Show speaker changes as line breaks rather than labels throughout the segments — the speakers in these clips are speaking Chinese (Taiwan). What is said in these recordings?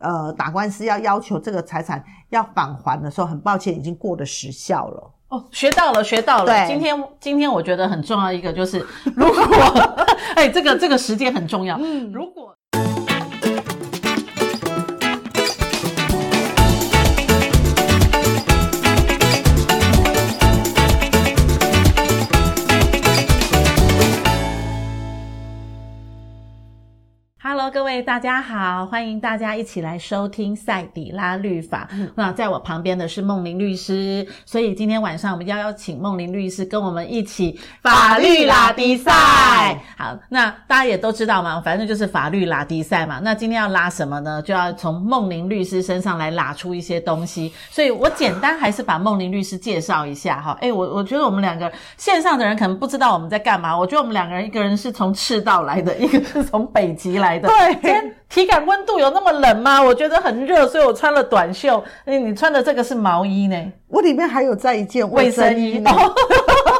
呃，打官司要要求這個財產要返還的時候，很抱歉，已經過了時效
了。哦，學到了，學到了。對，今天今天我覺得很重要一個就是，如果， 哎，這個這個時間很重要。嗯， 如果。Hello，各位大家好，歡迎大家一起來收聽賽底拉律法。嗯、那在我旁邊的是孟玲律師，所以今天晚上我們要邀，邀請孟玲律師跟我們一起法律拉迪賽。迪賽好，那大家也都知道嘛，反正就是法律拉迪賽嘛。那今天要拉什麼呢？就要從孟玲律師身上來拉出一些東西。所以我簡單還是把孟玲律師介紹一下哈。哎、欸，我我覺得我們兩個線上的人可能不知道我們在幹嘛。我覺得我們兩個人，一個人是從赤道來的，一個是從北極來的。 對，今天體感溫度有那麼冷嗎？我覺得很熱，所以我穿了短袖。哎，你穿的這個是毛衣呢？我裡面還有在一件衛生衣呢。哦。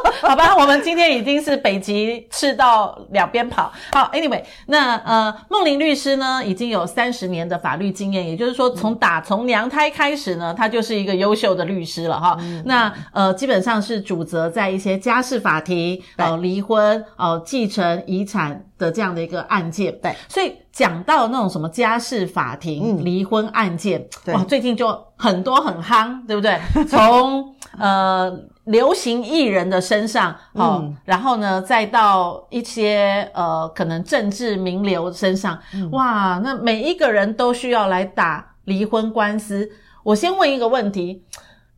好吧，我們今天已經是北極赤道兩邊跑。好，anyway，那呃，孟玲律師呢已經有三十年的法律經驗，也就是說從打、嗯、從娘胎開始呢，她就是一個優秀的律師了哈、哦嗯。那呃，基本上是主責在一些家事法庭，哦、呃，離婚，哦、呃，繼承遺產的這樣的一個案件。對，所以講到那種什麼家事法庭、嗯、離婚案件，哇、哦，最近就很多很夯，對不對？從 呃。流行藝人的身上，好、哦嗯，然後呢，再到一些呃，可能政治名流身上、嗯，哇，那每一個人都需要來打離婚官司。我先問一個問題：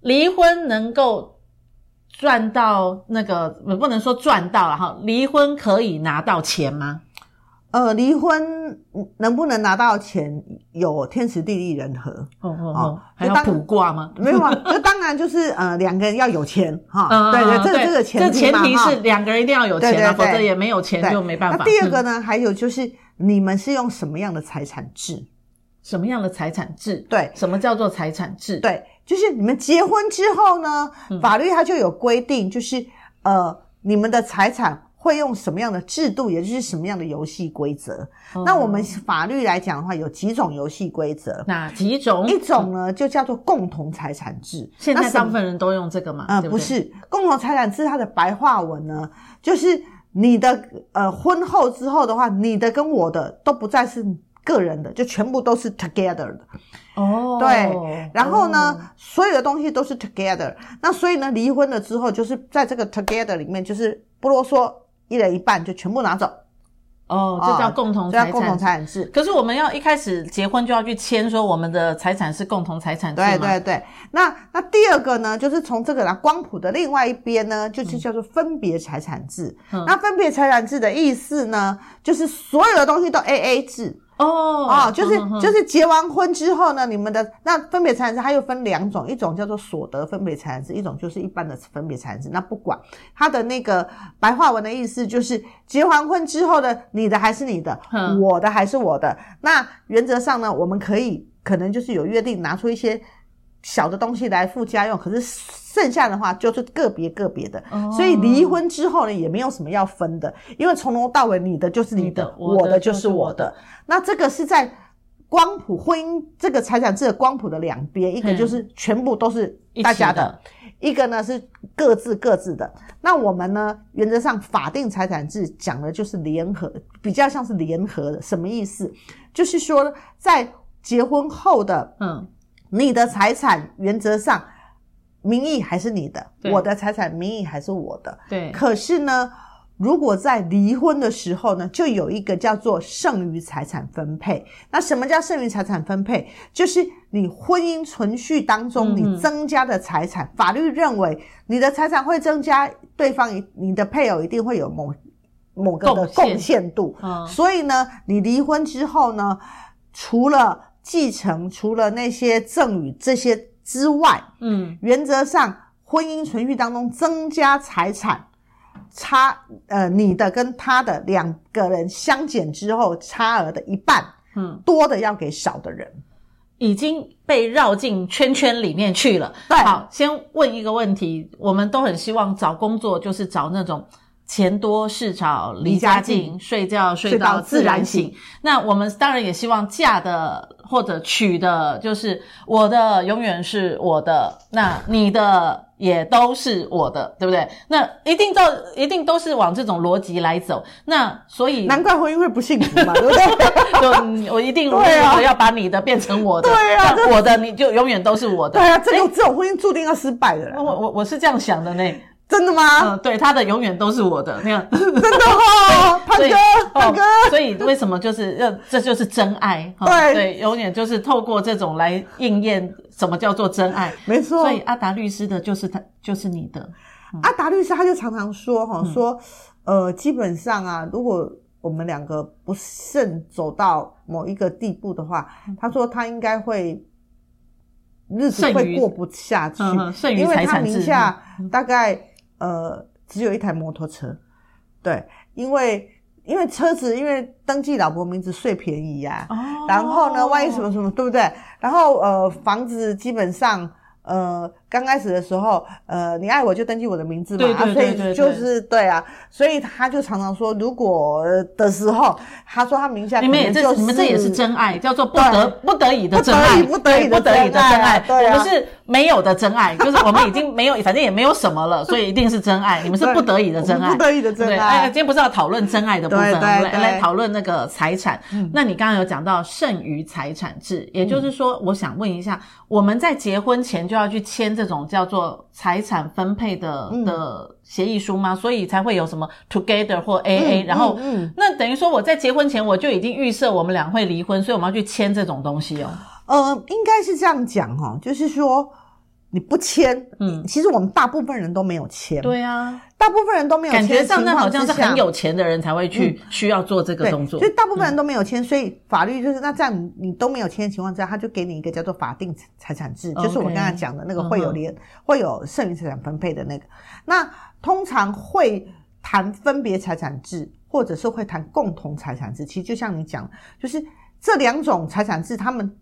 離婚能夠賺到那個我不能說賺到了哈？離婚可以拿到錢嗎？
呃，離婚能不能拿到錢，有天時地利人和，哦哦哦，還要卜卦嗎？沒有啊， 就當然就是呃，兩個人要有錢哈、哦啊啊啊啊，對對，這個這個前提，這前提是
兩個人一定要有錢啊對對對對，否則也沒有錢就沒辦法。那第二個呢、
嗯，還有就是你們是用什麼樣的財產制？什麼樣的財產制？對、嗯，什麼叫做財產制？對，就是你們結婚之後呢，嗯、法律它就有規定，就是呃，你們的財產。會用什麼樣的制度，也就是什麼樣的遊戲規則、哦？那我們法律來講的話，有幾種遊戲規則？哪幾種？一種呢，就叫做共同財產制。現在大部分人都用這個嗎？是呃對不對，不是，共同財產制它的白話文呢，就是你的呃婚後之後的話，你的跟我的都不再是個人的，就全部都是 together 的。哦，對。然後呢，哦、所有的東西都是 together。那所以呢，離婚了之後，就是在這個 together 裡面，就是不囉嗦。一人一半就全部拿走。oh,
哦，這叫共同財產，哦，這叫共同財產制。可是我們要一開始結婚就要去簽，說我們的財產是共同財產制。對對對，
那那第二個呢，就是從這個呢光譜的另外一邊呢，就是叫做分別財產制。嗯。那分別財產制的意思呢，就是所有的東西都 AA 制。Oh, 哦，就是呵呵呵，就是結完婚之後呢，你們的那分別財產制它又分兩種，一種叫做所得分別財產制，一種就是一般的分別財產制。那不管它的那個白話文的意思，就是結完婚之後的你的還是你的，我的還是我的。那原則上呢，我們可以可能就是有約定，拿出一些。小的東西來付家用，可是剩下的話就是個別個別的。哦，所以離婚之後呢，也沒有什麼要分的，因為從頭到尾你的就是你的，你的我的就是我的。那這個是在光譜婚姻這個財產制的光譜的兩邊，一個就是全部都是大家的，一起的，一個呢是各自各自的。那我們呢，原則上法定財產制講的就是聯合，比較像是聯合的，什麼意思？就是說在結婚後的嗯。你的財產原則上名義還是你的，我的財產名義還是我的。對。可是呢，如果在離婚的時候呢，就有一個叫做剩餘財產分配。那什麼叫剩餘財產分配？就是你婚姻存續當中你增加的財產，嗯嗯，法律認為你的財產會增加，對方一你的配偶一定會有某某個的貢獻度貢獻、嗯。所以呢，你離婚之後呢，除了繼承除了那些贈與這些之外，嗯，原則上婚姻存續當中增加財產差，呃，你的跟他的兩個人相減之後差額的一半，嗯，多的要給少的人，
已經被繞進圈圈裡面去了。對，好，先問一個問題，我們都很希望找工作，就是找那種。錢多事少，離家近，家近睡覺睡到自然，自然醒。那我們當然也希望嫁的或者娶的，就是我的永遠是我的，那你的也都是我的，對不對？那一定都一定都是往這種邏輯來走。那所以難怪婚姻會不幸福嘛，對不對？ 就 對啊，我一定我要把你的變成我的，對啊，我的你就永遠都是我的。對啊，這種這種婚姻注定要失敗的，欸。我我我是這樣想的呢。真的嗎？嗯，對，他的永遠都是我的那樣。真的哦 潘哥，潘哥、哦，所以為什麼就是要這就是真愛？對，嗯、對，永遠就是透過這種來應驗什麼叫做真愛？沒錯。所以阿達律師的就是他就是你的，嗯、
阿達律師他就常常說哈，說呃，基本上啊，如果我們兩個不慎走到某一個地步的話，他說他應該會日子會過不下去，剩餘財產制，因為他名下大概。呃，只有一台摩托車，對，因為因為車子因為登記老婆名字稅便宜呀。啊哦，然後呢，萬一什麼什麼，對不對？然後呃，房子基本上呃。剛開始的時候，呃，你愛我就登記我的名字嘛，對對對對對對啊、所以就是對啊，所以他就常常說，如果的時候，他說他名下你們也這你們這也是真
愛，叫做不得不得已的真愛，不得已，不得已的真愛，對不得已的真愛對、啊，我們是沒有的真愛、啊，就是我們已經沒有，反正也沒有什麼了，所以一定是真愛， 你們是不得已的真愛，不得
已的真愛。對，對、哎，今
天不是要討論真愛的部分，對對對來來討論那個財產、嗯。那你剛剛有講到剩餘財產制，嗯、也就是說、嗯，我想問一下，我們在結婚前就要去簽這個。這種叫做財產分配的的協議書嗎、嗯？所以才會有什麼 together 或 AA、嗯。然後、嗯，那等於說我在結婚前我就已經預設我們倆會離婚，所以我們要去簽這種東西哦。嗯、
呃，應該是這樣講哈、哦，就是說。你不簽，嗯，其實我們大部分
人都沒有簽。對、嗯、啊，
大部分人都沒有簽。感覺上那好像是很有
錢的人才會去、嗯、需要做這個動作對。所以
大部分人都沒有簽、嗯，所以法律就是那這樣，你都沒有簽的情況之下，他就給你一個叫做法定財產制，就是我剛才講的那個會有連 okay, 會有剩餘財產分配的那個。嗯、那通常會談分別財產制，或者是會談共同財產制。其實就像你講，就是這兩種財產制，他們。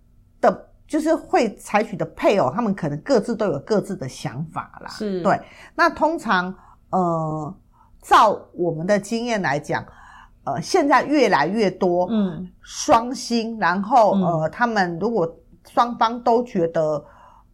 就是會採取的配偶，他們可能各自都有各自的想法啦。是，對。那通常，呃，照我們的經驗來講，呃，現在越來越多，嗯，雙薪，然後呃，他們如果雙方都覺得，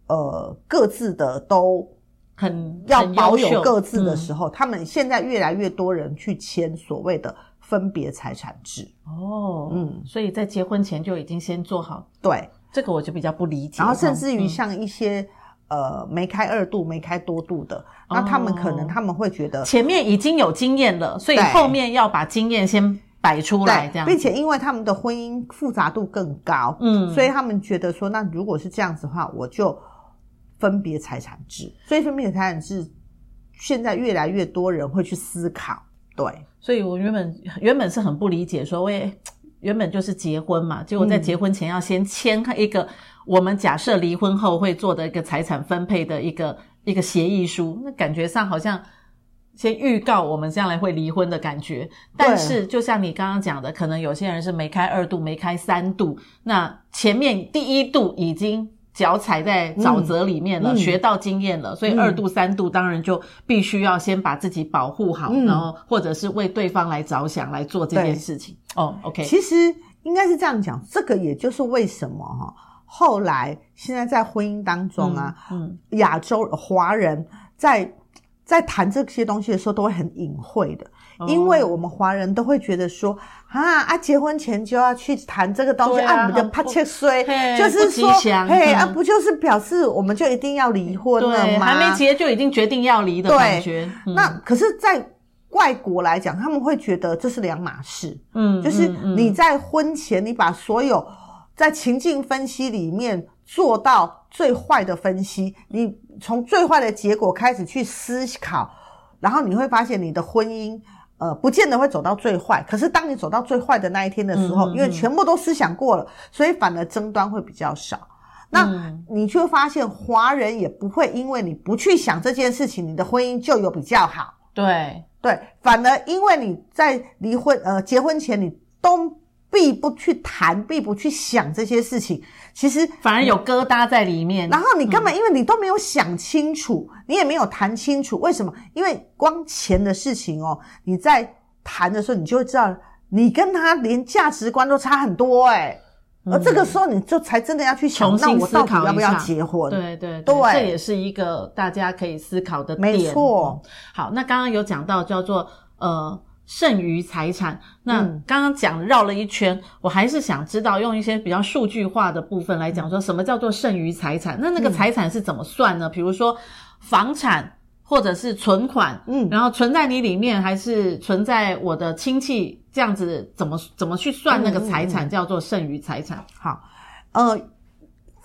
呃，各自的都很要保有各自的時候，嗯，他們現在越來越多人去簽所謂的分
別財產制。哦，嗯，所以在結婚前就已經先做好對。這個我就比較不理解，然後甚至於像
一些、嗯、呃梅開二度、梅開多度的，
哦、那他們可能他們會覺得前面已經有經驗了，所以後面要把經驗先擺出來，對這樣，並且
因為他們的婚姻複雜度更高，嗯，所以他們覺得說，那如果是這樣子的話，我就分別財產制，所以分別財產制現在越來越多人會去思考，對，
所以我原本原本是很不理解，說喂。原本就是結婚嘛，結果在結婚前要先簽一個我們假設離婚後會做的一個財產分配的一個一個協議書，那感覺上好像先預告我們將來會離婚的感覺。但是就像你剛剛講的，可能有些人是梅開二度、梅開三度，那前面第一度已經。腳踩在沼澤裡面了，嗯嗯、學到經驗了，所以二度三度當然就必須要先把自己保護好、嗯，然後或者是為對方來着想來做這件事情。哦、oh，OK，其實
應該是這樣講，這個也就是為什麼哈，後來現在在婚姻當中啊，嗯，嗯、亞洲華人在。在談這些東西的時候，都會很隱晦的、嗯，因為我們華人都會覺得說啊啊，結婚前就要去談這個東西，我們的怕切衰，就是說，對、嗯、啊，不就是表示我們就一定要離婚了嗎？還沒結
就已經決定要離的感覺。對嗯、那
可是，在外國來講，他們會覺得這是兩碼事。
嗯，就是你
在婚前，你把所有在情境分析裡面做到最壞的分析，你。從最壞的結果開始去思考，然後你會發現你的婚姻，呃，不見得會走到最壞。可是當你走到最壞的那一天的時候，嗯，因為全部都思想過了，所以反而爭端會比較少。那你卻發現，華人也不會因為你不去想這件事情，你的婚姻就有比較好。對對，反而因為你在離婚，呃，結婚前你都必不去談，必不去想這些事情，其實
反而有疙瘩在裡面。然後
你根本，因為你都沒有想清楚，嗯、你也沒有談清楚為什麼？因為光錢的事情哦、喔，你在談的時候，你就會知道你跟他連價值觀都差很多哎、欸嗯。而這個時候，你就才真的要去想，那我到底要不要結婚。對對
對，這也是一個大家可以思考的點。沒錯、嗯。好，那剛剛有講到叫做呃。剩餘財產，那剛剛講繞了一圈，嗯，我還是想知道用一些比較數據化的部分來講，說什麼叫做剩餘財產？那那個財產是怎麼算呢？嗯，比如說房產或者是存款，嗯，然後存在你裡面還是存在我的親戚，這樣子怎麼怎麼去算那個財產叫做剩餘財產？好，呃。嗯，嗯，嗯。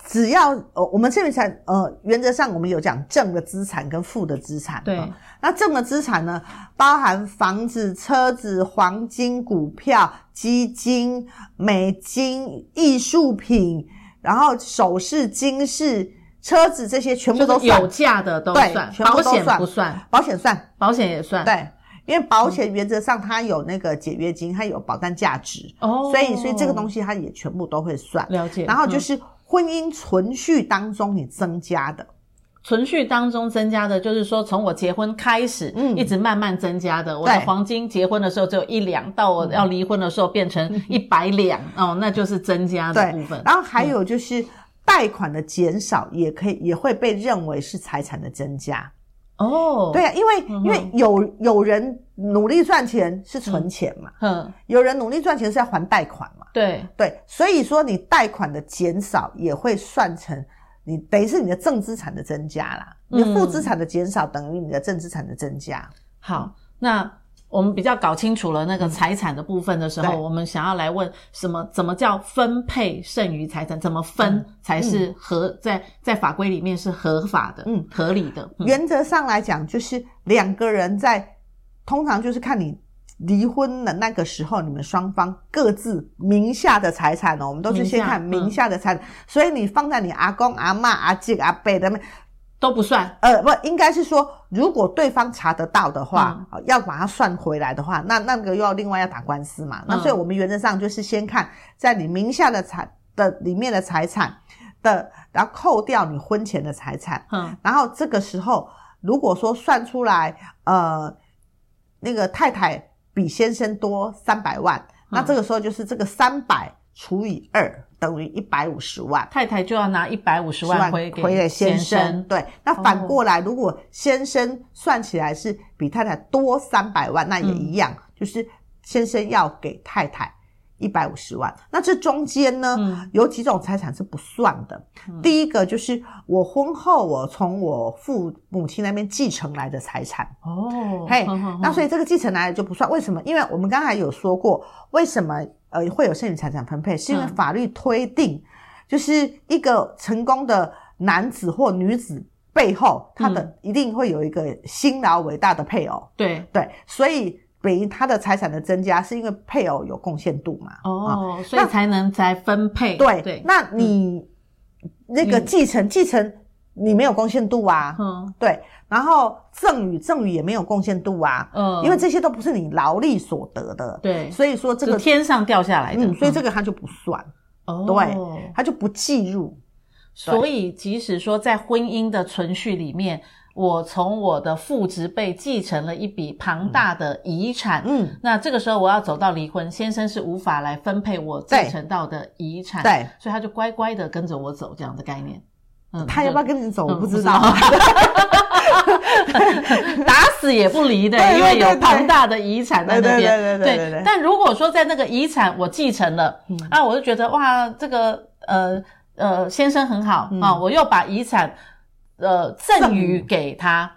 只要呃，我們這邊才呃，原則上我們有講正的資產跟負的資產。對、嗯。那正的資產呢，包含房子、車子、黃金、股票、基金、美金、藝術品，然後首飾、金飾、車子這些全部都算、就是、有價的都算，對全部都算，保險不算，保險算，保險也算。對，因為保險原則上它有那個解約金，嗯、它有保單價值。哦。所以，所以這個東西它也全部都會算。了解。然後就是。嗯婚姻存續當中你增加的，
存續當中增加的，就是說從我結婚開始，嗯，一直慢慢增加的、嗯。我的黃金結婚的時候只有一兩，到我要離婚的時候變成一百兩、嗯，哦，那就是增加的部分。然後還
有就是貸款的減少，也可以、嗯、也會被認為是財產的增加。哦、oh，對啊，因為、嗯、因為有有人努力賺錢是存錢嘛、嗯嗯，有人努力賺錢是要還貸款嘛，對對，所以說你貸款的減少也會算成你，等於是你的正資產的增加啦、嗯，你負資產的減少等於你的
正資產的增加，好，那。我們比較搞清楚了那個財產的部分的時候、嗯，我們想要來問什麼？怎麼叫分配剩餘財產？怎麼分才是合、嗯嗯、在在法規裡面是合法的、嗯、合理的、嗯？
原則上來講，就是兩個人在通常就是看你離婚的那個時候，你們雙方各自名下的財產呢、哦，我們都是先看名下的財產。嗯、所以你放在你阿公、阿嬤、阿姐、阿伯的。們。都不算，呃，不，應該是說，如果對方查得到的話，嗯、要把它算回來的話，那那個又要另外要打官司嘛。嗯、那所以我們原則上就是先看在你名下的財的裡面的財產的，然後扣掉你婚前的財產。嗯，然後這個時候如果說算出來，呃，那個太太比先生多三百萬、嗯，那這個時候就是這個三百。除以二等於一百五十萬，太太就
要拿一百五十萬回給先生,先生、哦。
對，那反過來，如果先生算起來是比太太多三百萬，那也一樣、嗯，就是先生要給太太一百五十萬。那這中間呢、嗯，有幾種財產是不算的、嗯。第一個就是我婚後我從我父母親那邊繼承來的財產。哦，嘿、hey,，那所以這個繼承來的就不算。為什麼？因為我們剛才有說過，為什麼？呃，會有剩餘財產分配，是因為法律推定、嗯，就是一個成功的男子或女子背後，他的一定會有一個辛勞偉大的配偶。嗯、對對，所以等於他的財產的增加，是因為配偶有貢獻度嘛？
哦，那、嗯、才能才分配。對對，那你那
個繼承、嗯、繼承。你沒有貢獻度啊，嗯、
對，然後贈
與贈與也沒有貢獻度啊，嗯，因為這些都不是你勞力所得的，對，所以說這個天
上掉下來的，嗯、所以這個它就不算，嗯、對，它就不計入、哦。所以即使說在婚姻的存續裡面，我從我的父執輩繼承了一筆龐大的遺產，嗯，嗯，那這個時候我要走到離婚，先生是無法來分配我繼承到的遺產，對，對，所以他就乖乖的跟着我走這樣的概念。嗯、他要不要跟你走？我不知道，嗯、 打死也不離的， 因為有龐大的遺產在那邊。對對對對，對，對，對，對，對，對，對但如果說在那個遺產我繼承了，啊，那我就覺得哇，這個呃呃先生很好，嗯，啊，我又把遺產呃贈予給他。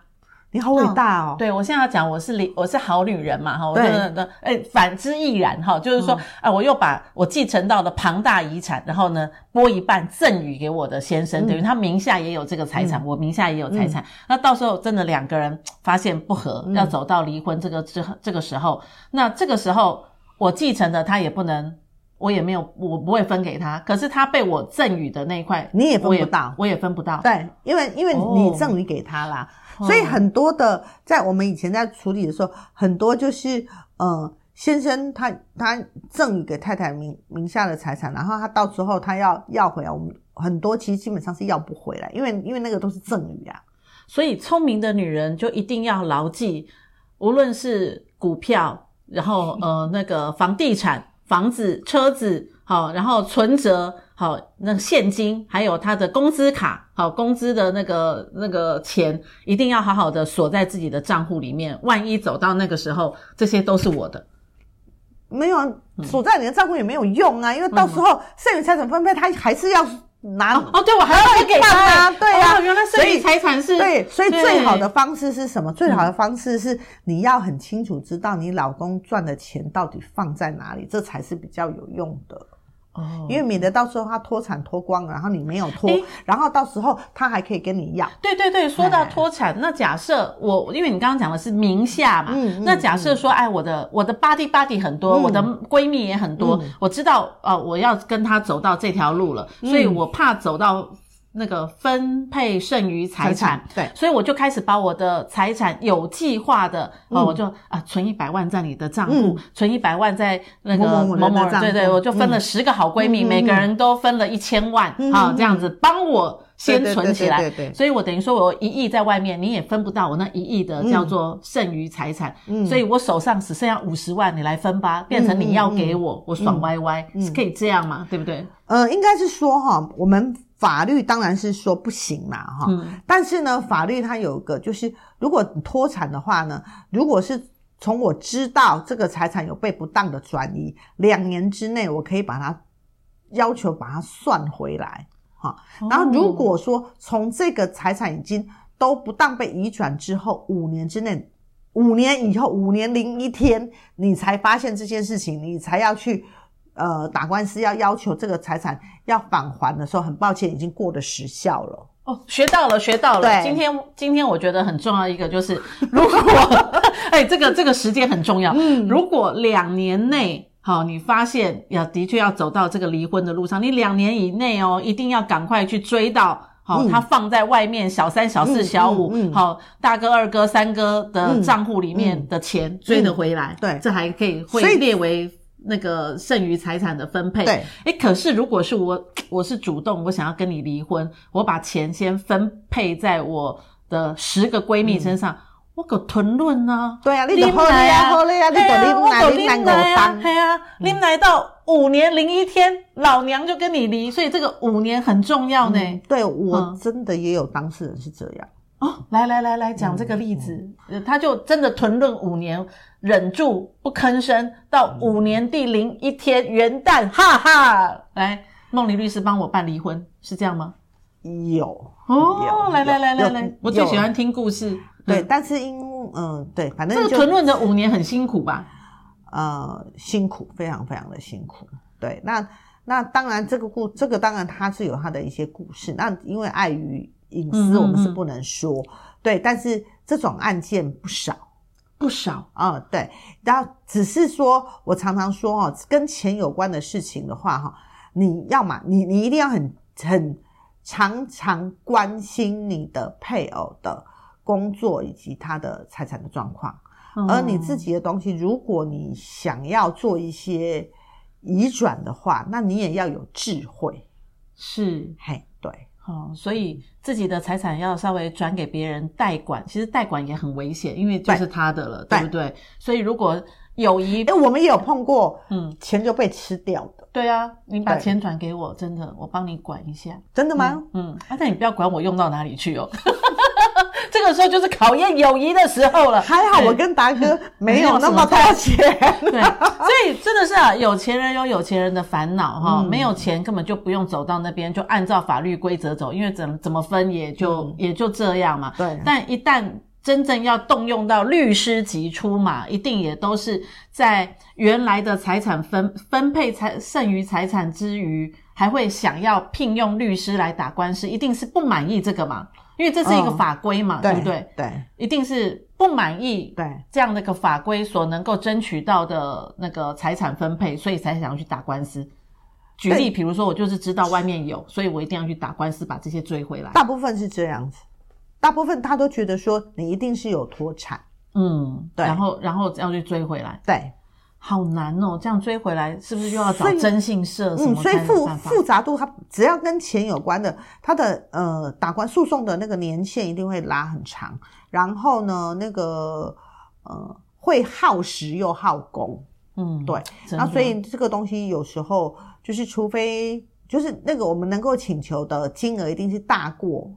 你好偉大哦！哦對我現在要講，我是女，我是好女人嘛哈。對對對，哎，反之亦然哈、哦。就是說，哎、嗯啊，我又把我繼承到的龐大遺產，然後呢，撥一半贈予給我的先生，等、嗯、於他名下也有這個財產，嗯、我名下也有財產、嗯。那到時候真的兩個人發現不和、嗯，要走到離婚這個之後，這個時候，那這個時候我繼承的他也不能。我也沒有，我不會分給他。可是他被我贈與的那一塊，你也分不到，我也，我也分不到。對，因為因為你贈與給他啦，哦，
所以很多的在我們以前在處理的時候，很多就是呃，先生他他贈與給太太名名下的財產，然後他到時候他要要回來，我們很多
其實基本上是要不回來，因為因為那個都是贈與啊。所以聰明的女人就一定要牢記，無論是股票，然後呃那個房地產。 房子、車子好、哦，然後存折好、哦，那現金還有他的工資卡好、哦，工資的那個那個錢一定要好好的鎖在自己的賬戶裡面，萬一走到那個時候，這些都是我的。沒
有啊，鎖在你的賬戶也沒有用啊，嗯、因為到時候剩餘財產分配，他還是要拿、嗯、哦，哦，對，我還要給他。對哦、原來生意財產是對，所以最好的方式是什麼？最好的方式是你要很清楚知道你老公賺的錢到底放在哪裡，嗯、這才是比較有用的哦。因為免得到時候他脫產脫光，然後你沒有
脫，哎、然後到時候他還可以跟你要。對對對，說到脫產，哎、那假設我因為你剛剛講的是名下嘛，嗯嗯、那假設說，哎，我的我的 buddy buddy 很多、嗯，我的閨蜜也很多、嗯，我知道，呃，我要跟他走到這條路了，嗯、所以我怕走到。那個分配剩餘財產，財產，對，所以我就開始把我的財產有計劃的，啊、嗯哦、我就啊存一百萬在你的賬戶、嗯，存一百萬在那個某某的帳戶對對，我就分了十個好閨蜜，嗯、每個人都分了一千萬嗯嗯嗯、啊，這樣子幫我先存起來，對對對、對、對對對，所以我等於說我一億在外面，你也分不到我那一億的叫做剩餘財產，嗯，所以我手上只剩下五十萬，你來分吧，變成你要給我，嗯嗯嗯嗯，我爽歪歪嗯嗯，是可以這樣嘛，對不對？
呃，應該是說哈，我們。法律當然是說不行嘛，哈。但是呢，法律它有個，就是如果你脫產的話呢，如果是從我知道這個財產有被不當的轉移，兩年之內我可以把它要求把它算回來，哈。然後如果說從這個財產已經都不當被移轉之後，五年之內，五年以後，五年零一天，你才發現這件事情，你才要去。呃，打官司要要求這個財產要返還的時候，很抱歉，已經過了時效了。
哦，學到了，學到了。對，今天今天我覺得很重要一個就是，如果 哎，這個這個時間很重要。嗯，如果兩年內，好、哦，你發現要的確要走到這個離婚的路上，你兩年以內哦，一定要趕快去追到，好、哦嗯，他放在外面小三、小四、小五，好、嗯嗯嗯哦，大哥、二哥、三哥的賬戶裡面的錢、嗯、追得回來，對、嗯，這還可以會。所以列為。那個剩餘財產的分配，對，哎、欸，可是如果是我，我是主動，我想要跟你離婚，我把錢先分配在我的十個閨蜜身上，嗯、我個吞論啊。對啊，你個好嘞呀、啊，後、啊、來呀、啊，你個你來，你能夠當？係啊，你唔嚟、啊啊、到五年零一天，嗯、老娘就跟你離，所以這個五年很重要呢。嗯、對，我真的也有當事人是這樣。嗯哦，來來來來講這個例子，嗯嗯呃、他就真的吞忍五年，忍住不吭聲，到五年底隔一天元旦，哈哈！嗯、來，孟玲律師幫我辦離婚，是這樣嗎？
有
哦有，來來來來來，我最喜歡聽故事，嗯、對，但是因
嗯對，反正這個吞忍的五年很辛苦吧？呃，辛苦，非常非常的辛苦，對，那那當然這個故這個當然他是有他的一些故事，那因為礙於。隱私我們是不能說，嗯嗯，對，但是這種案件不少，不少啊、嗯，對。然後只是說，我常常說哦，跟錢有關的事情的話，哈，你要嘛，你你一定要很很常常關心你的配偶的工作以及他的財產的狀況、嗯，
而你自
己的東西，如果你想要做一些移轉的話，那你也要有智慧，是，嘿，對。
哦、嗯，所以自己的財產要稍微轉給別人代管，其實代管也很危險，因為就是他的了，對不對？所以如果友誼，哎、欸，我們也有碰過，嗯，錢就被吃掉的。對啊，你把錢轉給我，真的，我幫你管一下，真的嗎？嗯，嗯，但是你不要管我用到哪裡去哦。 這個時候就是考驗友誼的時候了。還好我跟達哥沒有那麼多錢、嗯麼，所以真的是啊，有錢人有有錢人的煩惱哈、哦嗯。沒有錢根本就不用走到那邊，就按照法律規則走，因為怎麼怎麼分也就、嗯、也就這樣嘛。但一旦真正要動用到律師級出馬，一定也都是在原來的財產分分配財剩餘財產之餘，還會想要聘用律師來打官司，一定是不滿意這個嘛。因為這是一個法規嘛，哦、對，對不對？對，對，一定是不滿意對這樣的一個法規所能夠爭取到的那個財產分配，所以才想要去打官司。
舉例，比
如說我就是知道外面有，所以我一定要去打官司把這些追回來。大
部分是這樣子，大部分他都覺得說你一定是有脫
產，嗯，對，然後然後要去追回來，對。好難哦！這樣追回來是不是又要找徵信社？嗯，所以複
複雜度，它只要跟錢有關的，它的呃打官訴訟的那個年限一定會拉很長。然後呢，那個呃會耗時又耗工。嗯，對。那所以這個東西有時候就是，除非就是那個我們能夠請求的金額一定是大過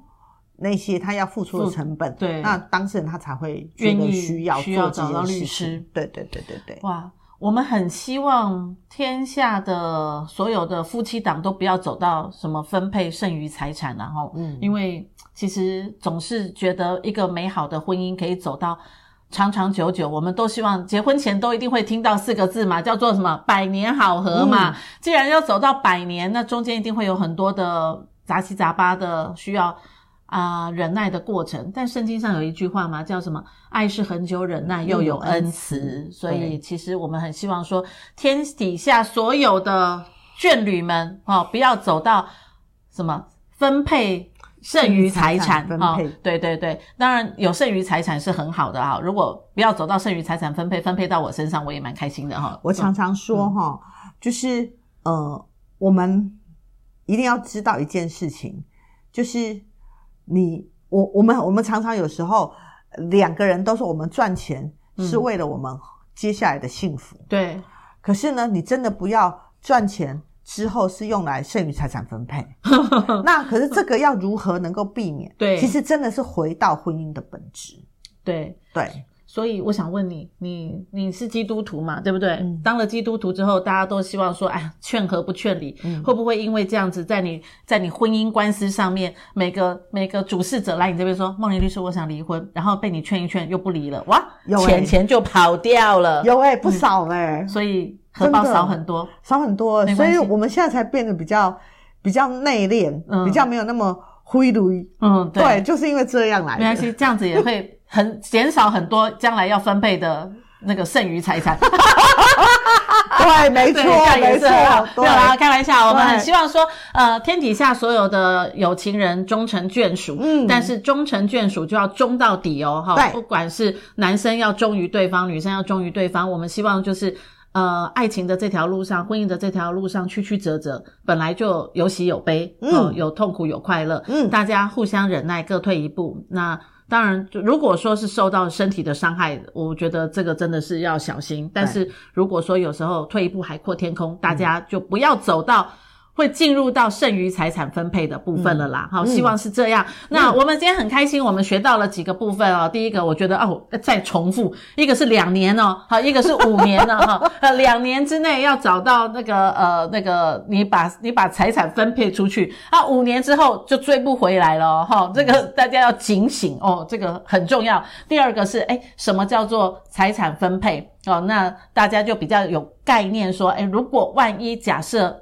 那些他要付出的成本。嗯，對。那當事人他才會覺得需要需要做這些律師。嗯。對對對對對，
哇。我們很希望天下的所有的夫妻檔都不要走到什麼分配剩餘財產，然後，嗯，因為其實總是覺得一個美好的婚姻可以走到長長久久，我們都希望結婚前都一定會聽到四個字嘛，叫做什麼百年好合嘛。既然要走到百年，那中間一定會有很多的雜七雜八的需要。啊、呃，忍耐的過程。但聖經上有一句話嘛，叫什麼？愛是恆久忍耐，又有恩慈。嗯、所以，其實我們很希望說，天底下所有的眷侶們哦，不要走到什麼分配剩餘財產，剩餘財產分配、哦，對對對，當然有剩餘財產是很好的啊，如果不要走到剩餘財產分配，分配到我身上，我也蠻開心的哈、哦。我常
常說哈、嗯，就是呃，我們一定要知道一件事情，就是。你我我們我們常常有時候，兩個人都說，我們賺錢是為了我們接下來的幸福。嗯、對。可是呢，你真的不要賺錢之後是用來剩餘財產分配。 那可是這個要如何能夠避免？對。其實真的是回到婚姻的本質。
對對。所以我想問你，你你是基督徒嘛，對不對、嗯？當了基督徒之後，大家都希望說，哎，勸和不勸離、嗯，會不會因為這樣子，在你，在你婚姻官司上面，每個每個主事者來你這邊說，孟玲律師，我想離婚，然後被你勸一勸，又不離了，哇，有欸、錢錢就跑掉了，有哎、欸、不少哎、欸，所、嗯、以荷包少很多，
少很多，所以我們現在才變得比較比較內斂、嗯，比較沒有那麼揮霍，嗯對，對，
就是因為這樣來的，沒關係，這樣子也會。 很，減少很多將來要分配的那個剩餘財產 對，對，沒錯，沒錯，沒有啦，開玩笑。我們很希望說，呃，天底下所有的有情人終成眷屬。嗯，但是終成眷屬就要忠到底哦，哈、嗯哦，不管是男生要忠於對方，對，女生要忠於對方。我們希望就是，呃，愛情的這條路上，婚姻的這條路上，曲曲折折，本來就有喜有悲，嗯，哦、有痛苦有快樂，嗯，大家互相忍耐，各退一步，那。當然，如果說是受到身體的傷害，我覺得這個真的是要小心。但是，如果說有時候退一步海闊天空，大家就不要走到。會進入到剩餘財產分配的部分了啦，好、嗯哦，希望是這樣、嗯。那我們今天很開心，我們學到了幾個部分哦。嗯、第一個，我覺得哦，再重複，一個是兩年哦，好，一個是五年呢、哦、哈。呃， 兩年之內要找到那個呃那個你把你把財產分配出去，啊，五年之後就追不回來了哈、哦嗯。這個大家要警醒哦，這個很重要。第二個是誒什麼叫做財產分配哦？那大家就比較有概念說，誒如果萬一假設。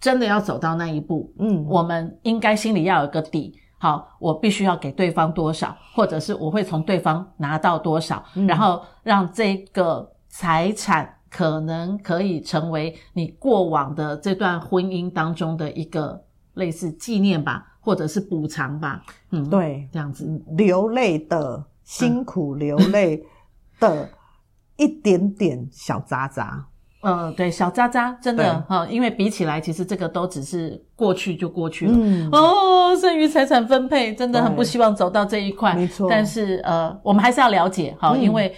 真的要走到那一步，嗯，我們應該心裡要有個底。好，我必須要給對方多少，或者是我會從對方拿到多少，嗯，然後讓這個財產可能可以成為你過往的這段婚姻當中的一個類似紀念吧，或者是補償吧。嗯，對，這樣子
流淚的，辛苦流淚的，嗯， 一點點小渣渣。
嗯、呃，對，小渣渣真的哈，因為比起來，其實這個都只是過去就過去了。嗯、哦，剩餘財產分配真的很不希望走到這一塊，沒錯。但是呃，我們還是要了解哈，因為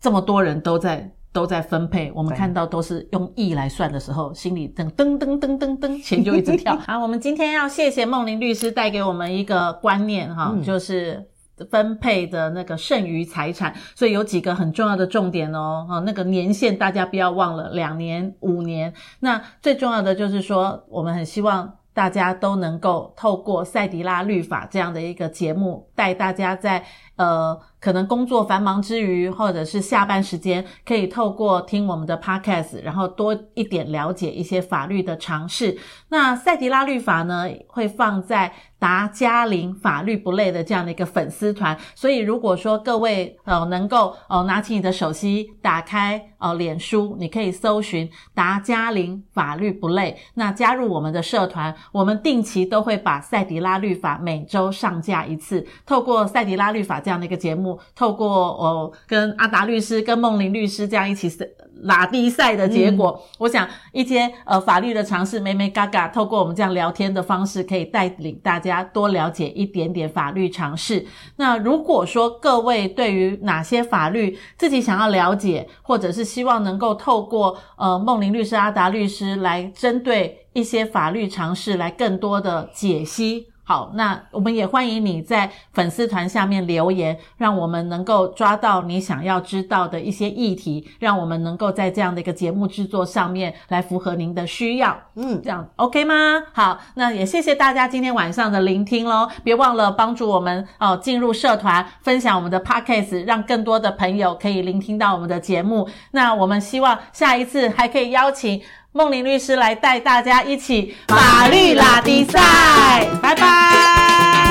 這麼多人都在、嗯、都在分配，我們看到都是用億來算的時候，心裡噔噔噔噔噔噔，噔，錢就一直跳。 好，我們今天要謝謝孟玲律師帶給我們一個觀念哈，就是。分配的那個剩餘財產，所以有幾個很重要的重點哦，哈，那個年限大家不要忘了，兩年、五年。那最重要的就是說，我們很希望大家都能夠透過賽迪拉律法這樣的一個節目，帶大家在呃。可能工作繁忙之餘，或者是下班時間，可以透過聽我們的 podcast，然後多一點了解一些法律的常識。那賽迪拉律法呢，會放在達加玲法律不累的這樣的一個粉絲團。所以如果說各位呃能夠呃、哦、拿起你的手機，打開呃臉書，你可以搜尋達加玲法律不累，那加入我們的社團，我們定期都會把賽迪拉律法每周上架一次。透過賽迪拉律法這樣的一個節目。透過哦，跟阿達律師、跟孟玲律師這樣一起拉低賽的結果，嗯、我想一些呃法律的常識，美美嘎嘎。透過我們這樣聊天的方式，可以帶領大家多了解一點點法律常識。那如果說各位對於哪些法律自己想要了解，或者是希望能夠透過呃孟玲律師、阿達律師來針對一些法律常識來更多的解析。好，那我們也歡迎你在粉絲團下面留言，讓我們能夠抓到你想要知道的一些議題，讓我們能夠在這樣的一個節目制作上面來符合您的需要。嗯，這樣 OK 嗎？好，那也謝謝大家今天晚上的聆聽嘍，別忘了幫助我們哦，進入社團分享我們的 podcast，讓更多的朋友可以聆聽到我們的節目。那我們希望下一次還可以邀請。孟玲律師來帶大家一起法律拉力賽，拜拜。拜拜。